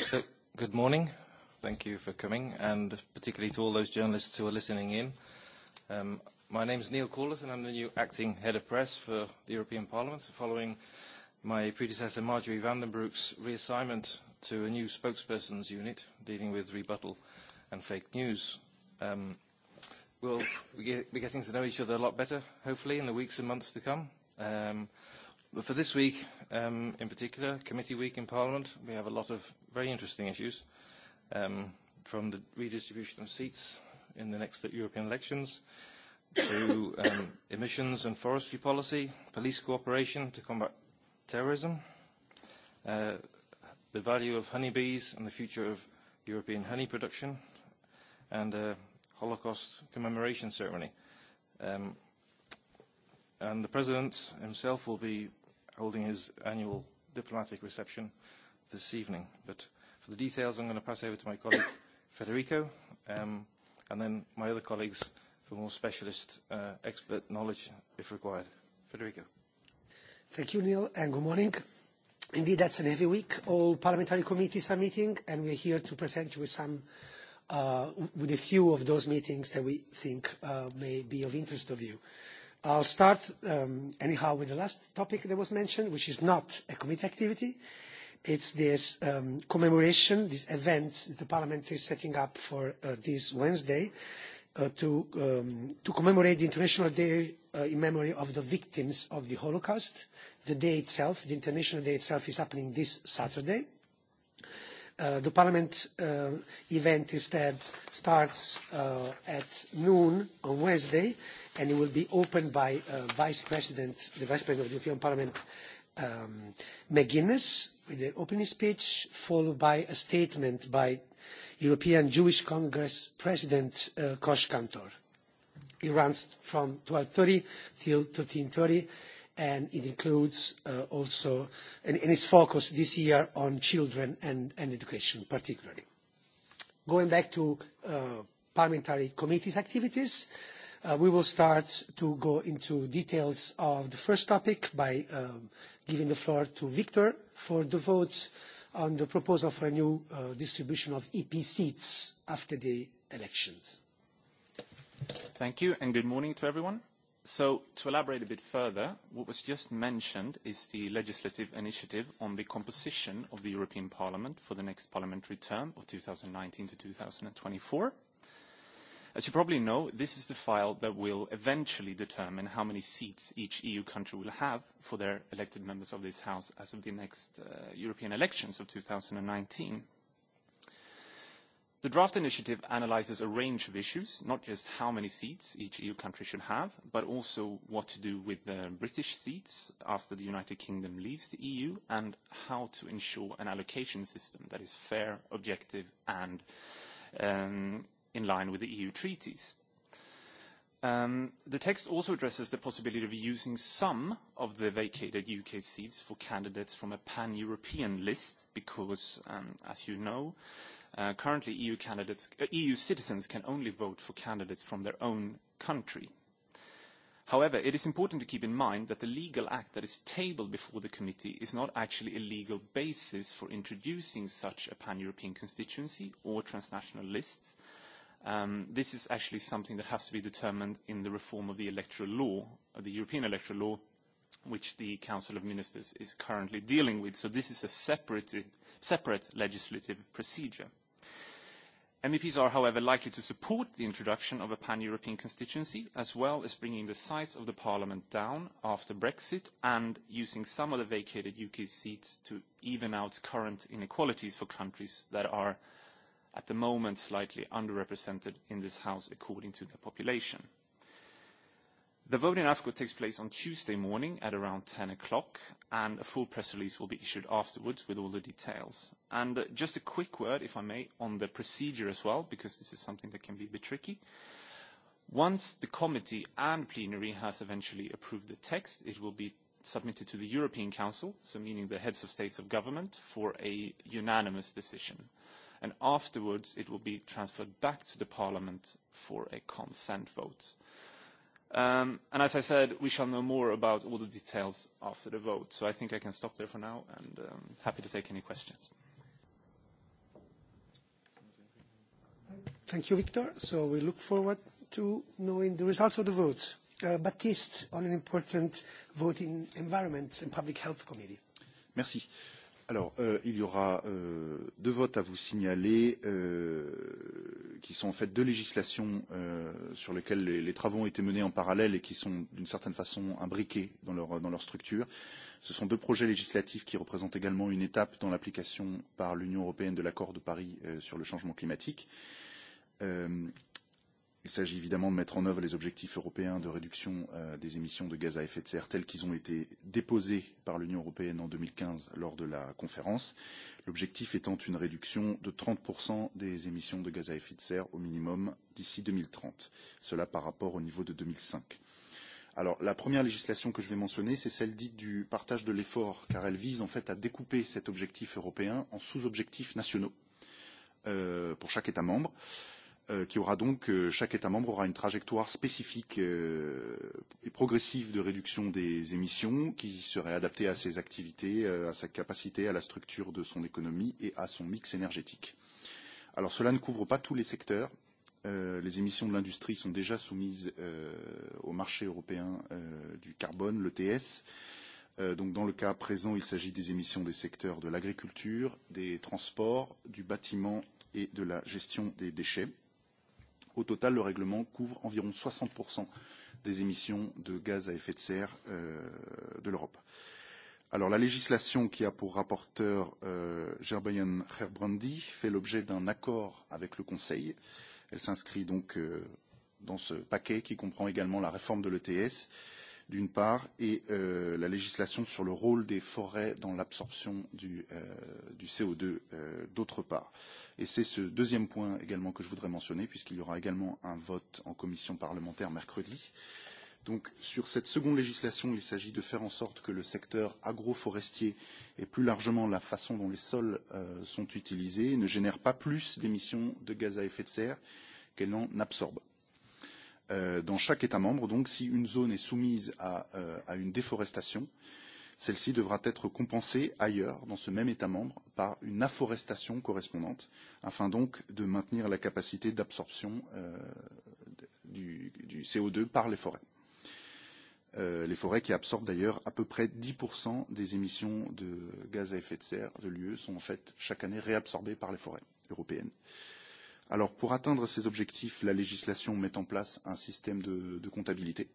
So, good morning. Thank you for coming, and particularly to all those journalists who are listening in. Um My name is Neil Corliss, and I'm the new acting head of press for the European Parliament, following my predecessor Marjorie van reassignment to a new spokesperson's unit dealing with rebuttal and fake news. We'll be getting to know each other a lot better, hopefully, in the weeks and months to come. For this week, in particular, Committee Week in Parliament, we have a lot of very interesting issues, from the redistribution of seats in the next European elections, to emissions and forestry policy, police cooperation to combat terrorism, the value of honeybees and the future of European honey production, and a Holocaust commemoration ceremony. And the President himself will be holding his annual diplomatic reception this evening. But for the details, I'm going to pass over to my colleague Federico, and then my other colleagues for more specialist expert knowledge if required. Federico. Thank you, Neil, and good morning. Indeed, that's an heavy week. All parliamentary committees are meeting, and we're here to present you with some with a few of those meetings that we think may be of interest to you. I'll start anyhow with the last topic that was mentioned, which is not a committee activity. It's this commemoration, this event that the Parliament is setting up for this Wednesday to commemorate the International Day in memory of the victims of the Holocaust. The day itself, the International Day itself, is happening this Saturday. The Parliament event instead starts at noon on Wednesday and it will be opened by Vice President, the Vice President of the European Parliament, McGuinness, with the opening speech, followed by a statement by European Jewish Congress President Kantor. It runs from 12.30 till 13.30, and it includes also, and its focused this year on children and education particularly. Going back to parliamentary committees' activities, We will start to go into details of the first topic by giving the floor to Victor for the vote on the proposal for a new distribution of EP seats after the elections. Thank you and good morning to everyone. So to elaborate a bit further, what was just mentioned is the legislative initiative on the composition of the European Parliament for the next parliamentary term of 2019 to 2024. As you probably know, this is the file that will eventually determine how many seats each EU country will have for their elected members of this House as of the next European elections of 2019. The draft initiative analyzes a range of issues, not just how many seats each EU country should have, but also what to do with the British seats after the United Kingdom leaves the EU, and how to ensure an allocation system that is fair, objective, and in line with the EU treaties. The text also addresses the possibility of using some of the vacated UK seats for candidates from a pan-European list because, as you know, currently EU citizens can only vote for candidates from their own country. However, it is important to keep in mind that the legal act that is tabled before the committee is not actually a legal basis for introducing such a pan-European constituency or transnational lists, This is actually something that has to be determined in the reform of the electoral law, the European electoral law, which the Council of Ministers is currently dealing with. So this is a separate legislative procedure. MEPs are, however, likely to support the introduction of a pan-European constituency, as well as bringing the size of the Parliament down after Brexit and using some of the vacated UK seats to even out current inequalities for countries that are at the moment slightly underrepresented in this House according to their population. The vote in AFCO takes place on Tuesday morning at around 10 o'clock, and a full press release will be issued afterwards with all the details. And just a quick word, if I may, on the procedure as well, because this is something that can be a bit tricky. Once the committee and plenary has eventually approved the text, it will be submitted to the European Council, so meaning the heads of states of government, for a unanimous decision and afterwards it will be transferred back to the Parliament for a consent vote. And as I said, we shall know more about all the details after the vote. So I think I can stop there for now and happy to take any questions. Thank you, Victor. So we look forward to knowing the results of the votes. Baptiste, on an important voting Environment and Public Health Committee. Merci. Alors, il y aura deux votes à vous signaler, qui sont en fait deux législations sur lesquelles les travaux ont été menés en parallèle et qui sont d'une certaine façon imbriqués dans leur structure. Ce sont deux projets législatifs qui représentent également une étape dans l'application par l'Union européenne de l'accord de Paris sur le changement climatique. Il s'agit évidemment de mettre en œuvre les objectifs européens de réduction des émissions de gaz à effet de serre tels qu'ils ont été déposés par l'Union européenne en 2015 lors de la conférence, l'objectif étant une réduction de 30% des émissions de gaz à effet de serre au minimum d'ici 2030, cela par rapport au niveau de 2005. Alors, la première législation que je vais mentionner, c'est celle dite du partage de l'effort, car elle vise en fait à découper cet objectif européen en sous-objectifs nationaux pour chaque État membre qui aura donc chaque État membre aura une trajectoire spécifique et progressive de réduction des émissions qui serait adaptée à ses activités, à sa capacité, à la structure de son économie et à son mix énergétique. Alors cela ne couvre pas tous les secteurs. Les émissions de l'industrie sont déjà soumises au marché européen du carbone, l'ETS. Donc dans le cas présent, il s'agit des émissions des secteurs de l'agriculture, des transports, du bâtiment et de la gestion des déchets. Au total, le règlement couvre environ 60% des émissions de gaz à effet de serre de l'Europe. Alors la législation qui a pour rapporteur Gerbayan Gerbrandy fait l'objet d'un accord avec le Conseil. Elle s'inscrit donc dans ce paquet qui comprend également la réforme de l'ETS d'une part, et la législation sur le rôle des forêts dans l'absorption du CO2, d'autre part. Et c'est ce deuxième point également que je voudrais mentionner, puisqu'il y aura également un vote en commission parlementaire mercredi. Donc, sur cette seconde législation, il s'agit de faire en sorte que le secteur agroforestier et plus largement la façon dont les sols sont utilisés ne génère pas plus d'émissions de gaz à effet de serre qu'elle n'en absorbe dans chaque État membre. Donc, si une zone est soumise à une déforestation, celle-ci devra être compensée ailleurs, dans ce même État membre, par une afforestation correspondante, afin donc de maintenir la capacité d'absorption du CO2 par les forêts. Les forêts qui absorbent d'ailleurs à peu près 10% des émissions de gaz à effet de serre de l'UE sont en fait chaque année réabsorbées par les forêts européennes. Alors, pour atteindre ces objectifs, la législation met en place un système de comptabilité,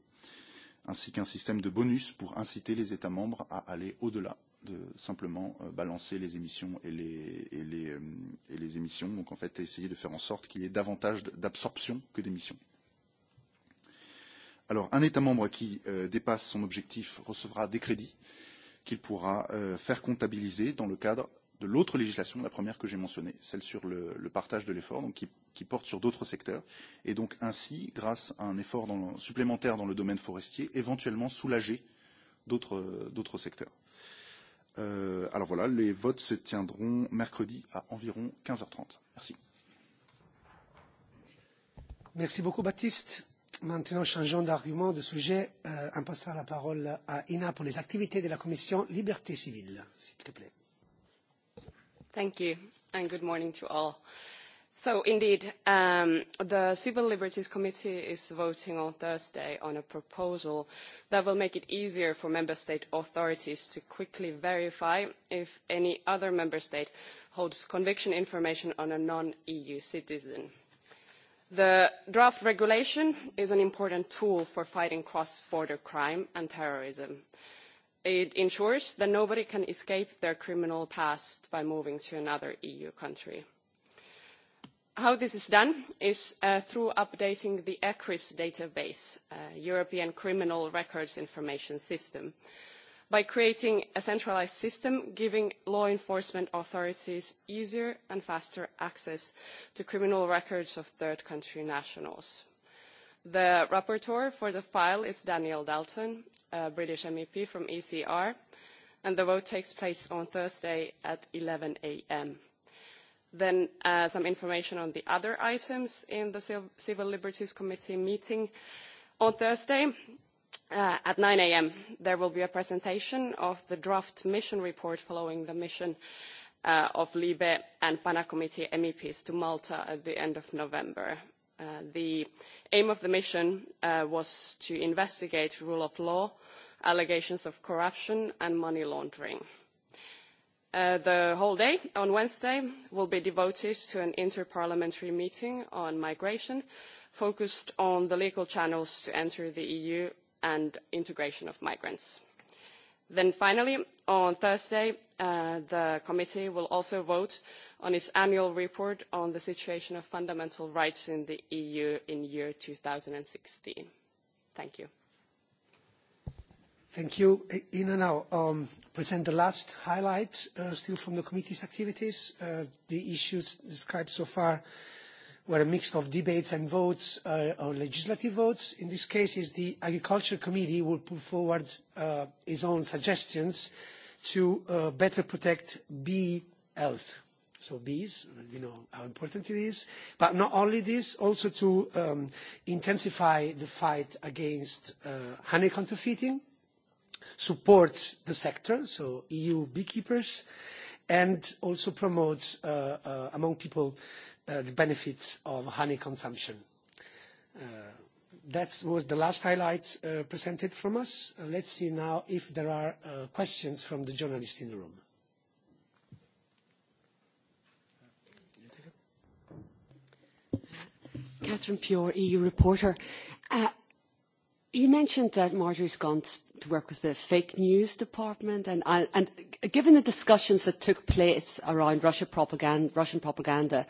ainsi qu'un système de bonus pour inciter les États membres à aller au-delà de simplement balancer les émissions et les émissions, donc en fait essayer de faire en sorte qu'il y ait davantage d'absorption que d'émissions. Alors, un État membre qui dépasse son objectif recevra des crédits qu'il pourra faire comptabiliser dans le cadre de l'autre législation, la première que j'ai mentionnée, celle sur le partage de l'effort, qui porte sur d'autres secteurs, et donc ainsi, grâce à un effort supplémentaire dans le domaine forestier, éventuellement soulager d'autres secteurs. Alors voilà, les votes se tiendront mercredi à environ 15h30. Merci. Merci beaucoup, Baptiste. Maintenant, changeons d'argument, de sujet, en passant la parole à Ina pour les activités de la Commission Liberté Civile, s'il te plaît. Thank you, and good morning to all. So, indeed, the Civil Liberties Committee is voting on Thursday on a proposal that will make it easier for member state authorities to quickly verify if any other member state holds conviction information on a non-EU citizen. The draft regulation is an important tool for fighting cross-border crime and terrorism. It ensures that nobody can escape their criminal past by moving to another EU country. How this is done is through updating the ECRIS database, European Criminal Records Information System, by creating a centralised system giving law enforcement authorities easier and faster access to criminal records of third country nationals. The rapporteur for the file is Daniel Dalton, a British MEP from ECR, and the vote takes place on Thursday at 11 a.m. Then some information on the other items in the Civil Liberties Committee meeting on Thursday at 9 a.m. There will be a presentation of the draft mission report following the mission of LIBE and PANA Committee MEPs to Malta at the end of November The aim of the mission was to investigate rule of law, allegations of corruption and money laundering. The whole day on Wednesday will be devoted to an interparliamentary meeting on migration, focused on the legal channels to enter the EU and integration of migrants. Then finally, on Thursday, the committee will also vote on its annual report on the situation of fundamental rights in the EU in year 2016. Thank you. Thank you. Ina now present the last highlight still from the committee's activities. The issues described so far were a mix of debates and votes or legislative votes. In this case, is the Agriculture Committee will put forward its own suggestions to better protect bee health. So bees, you know how important it is. But not only this, also to intensify the fight against honey counterfeiting, support the sector, so EU beekeepers, and also promote among people the benefits of honey consumption. That was the last highlight presented from us. Let's see now if there are questions from the journalists in the room. Catherine Pure, EU reporter. You mentioned that Marjorie's gone to work with the fake news department, and given the discussions that took place around Russian propaganda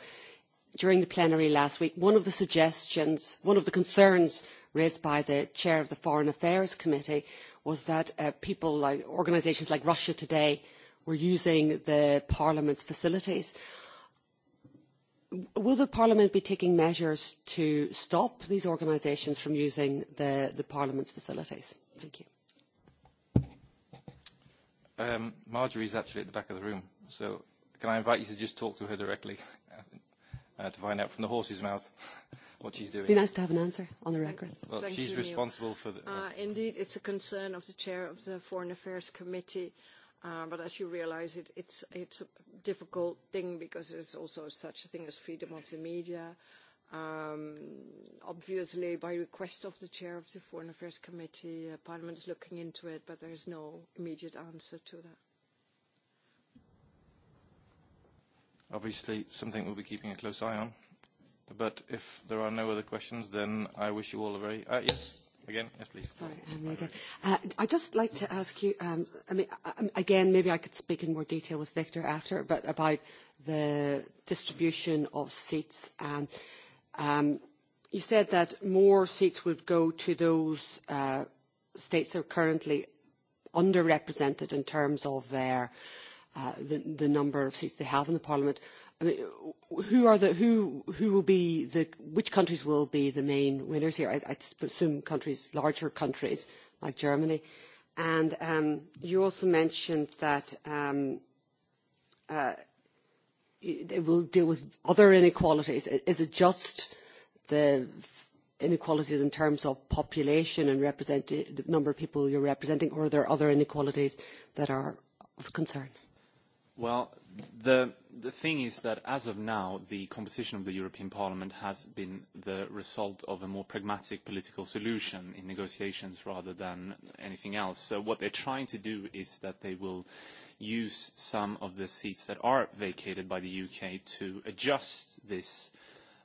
during the plenary last week one of the suggestions one of the concerns raised by the chair of the foreign affairs committee was that people like organisations like russia today were using the parliament's facilities. will the parliament be taking measures to stop these organisations from using the parliament's facilities? thank you. marjorie is actually at the back of the room so can i invite you to just talk to her directly? to find out from the horse's mouth what she's doing. Be nice to have an answer on the record. Well, she's responsible for Indeed, it's a concern of the chair of the Foreign Affairs Committee. But as you realise, it's it's a difficult thing because there's also such a thing as freedom of the media. Obviously, by request of the chair of the Foreign Affairs Committee, Parliament is looking into it, but there is no immediate answer to that. obviously something we'll be keeping a close eye on. But if there are no other questions, then I wish you all a very... Yes, again. Yes, please. Sorry, again. I'd just like to ask you, I mean, again, maybe I could speak in more detail with Victor after, but about the distribution of seats. And you said that more seats would go to those states that are currently underrepresented in terms of their the number of seats they have in the Parliament. Who are the who who will be the which countries will be the main winners here? I assume countries larger countries like Germany. And you also mentioned that they will deal with other inequalities. Is it just the inequalities in terms of population and the number of people you're representing, or are there other inequalities that are of concern? Well, the the thing is that as of now, the composition of the European Parliament has been the result of a more pragmatic political solution in negotiations rather than anything else. So what they're trying to do is that they will use some of the seats that are vacated by the UK to adjust this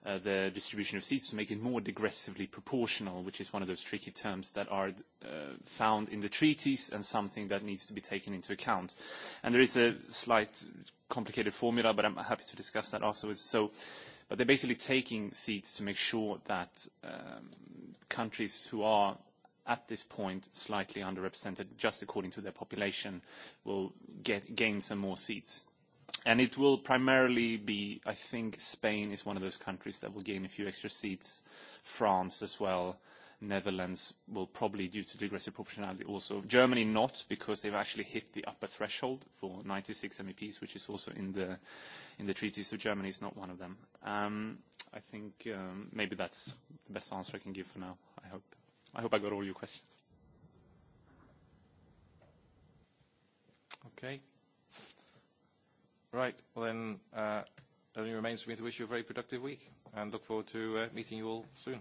the distribution of seats to make it more digressively proportional, which is one of those tricky terms that are found in the treaties and something that needs to be taken into account. And there is a slight complicated formula, but I'm happy to discuss that afterwards. So, but they're basically taking seats to make sure that countries who are at this point slightly underrepresented, just according to their population, will get gain some more seats. And it will primarily be, I think, Spain is one of those countries that will gain a few extra seats, France as well, Netherlands will probably, due to degressive proportionality, also Germany not, because they've actually hit the upper threshold for 96 MEPs, which is also in the in the treaty. So Germany is not one of them. I think maybe that's the best answer I can give for now. I hope I hope I got all your questions. Okay. Right. Well, then, it only remains for me to wish you a very productive week and look forward to meeting you all soon.